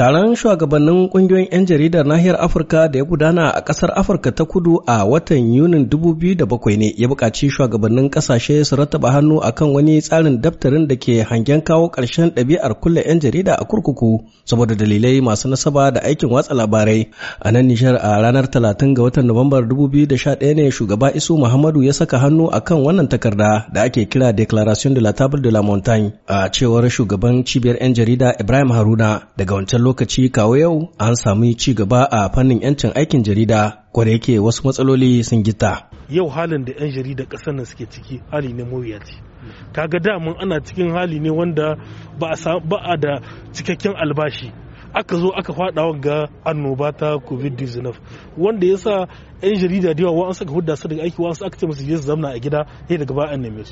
Taron shugabannin ƙungiyoyin 'yan jaridar nahiyar Afirka da ya gudana a ƙasar Afirka ta kudu a watan Yunin 2007 ne ya buƙaci shugabannin ƙasashe su rattaba hannu akan wani tsarin daftarin da ke hangen kawo ƙarshen ɗabi'ar kulle 'yan jarida a kurkuku saboda dalilai masu nasaba da aikin watsa labarai. A nan Nijar a ranar 30 ga watan Nuwambar 2011 ne shugaba Isu Muhammadu ya saka hannu akan wannan takarda da ake kira Declaration de la Table de la Montagne a cewar shugaban cibiyar 'yan jarida Ibrahim Haruna daga wancan lokaci kawo yau an samu ci gaba a fannin 'yancin aikin jarida kwarai yake wasu matsaloli sun gita. Yau halin da 'yan jarida ƙasar nan suke ciki hali ne mawuyaci. Kaga da daman ana cikin hali ne wanda ba a da cikakken albashi. aka zo aka faɗa ga annoba ta covid-19 wanda ya sa 'yan jarida da yawa wa'ansu aka hudda su daga aiki wa'ansu aka ce musu je su zamna a gida sai daga ba'an an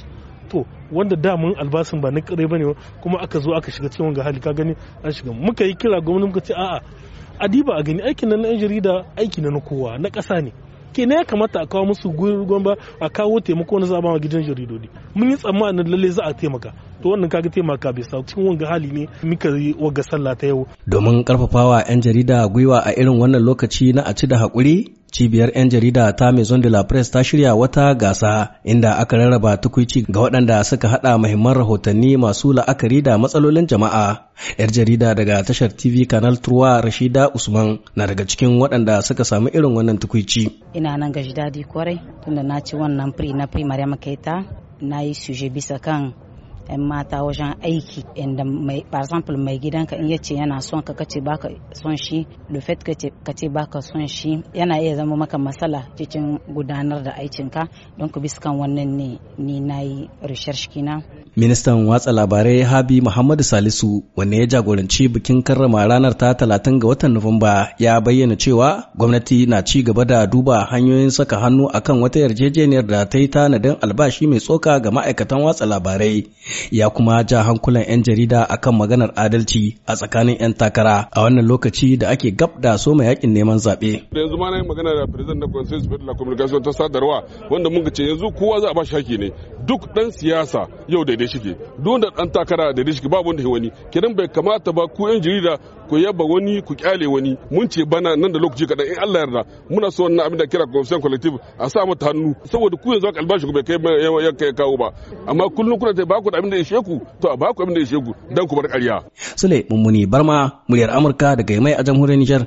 to wanda mun albasin ba na kare bane kuma aka zo aka shiga cikin wanga hali ka gani an shiga muka yi kira gwamnati muka ce a'a adiba a gani aikin nan na yan jarida aiki na kowa na ƙasa ne ke ne ya kamata a kawo musu ba a kawo taimako na zaba ma gidan jaridodi mun yi tsammanin lalle za a taimaka to wannan kaga taimaka bai sa cikin wanga hali ne muka yi wagga sallah ta yau domin karfafawa yan jarida gwiwa a irin wannan lokaci na a ci da hakuri Cibiyar 'yan jarida ta Maison de la Presse ta shirya wata gasa inda aka rarraba tukuici ga waɗanda suka haɗa muhimman rahotanni masu la'akari da matsalolin jama'a. 'Yar jarida daga tashar TV Canal Turwa Rashida Usman na daga cikin waɗanda suka samu irin wannan tukuici. Ina nan gaji daɗi kwarai tunda na ci wannan pri na pri Maryam Keita na yi suje bisa kan 'yan mata wajen aiki inda mai example mai gidanka in yace yana son ka kace baka son shi lufet kace kace baka son shi yana iya zama maka matsala cikin gudanar da aikinka don ku biskan wannan ne ni nayi research kina ministan watsa labarai habi muhammadu salisu wanda ya jagoranci bikin karrama ranar ta talatin ga watan nuwamba ya bayyana cewa gwamnati na ci gaba da duba hanyoyin saka hannu akan wata yarjejeniyar da ta yi tanadin albashi mai tsoka ga ma'aikatan watsa labarai ya kuma ja hankulan 'yan jarida akan maganar adalci a tsakanin 'yan takara a wannan lokaci da ake gab da soma yakin neman zaɓe. yanzu ma na yi magana da president na conseil de la communication ta sadarwa wanda mun ce yanzu kowa za a ba shi ne duk dan siyasa yau daidai shike duk da dan takara daidai shike babu wanda wani kidan bai kamata ba ku yan jarida ku yaba wani ku kyale wani mun ce bana nan da lokaci kadan in Allah yarda muna so wannan abin da kira commission collective a sa mata hannu saboda ku yanzu albashi ku bai kai ya kai kawo ba amma kullun kuna ta ba ku da abin da ishe ku to ba ku abin da ishe ku dan ku bar ƙarya sule mummuni barma muryar amurka daga mai a jamhuriyar niger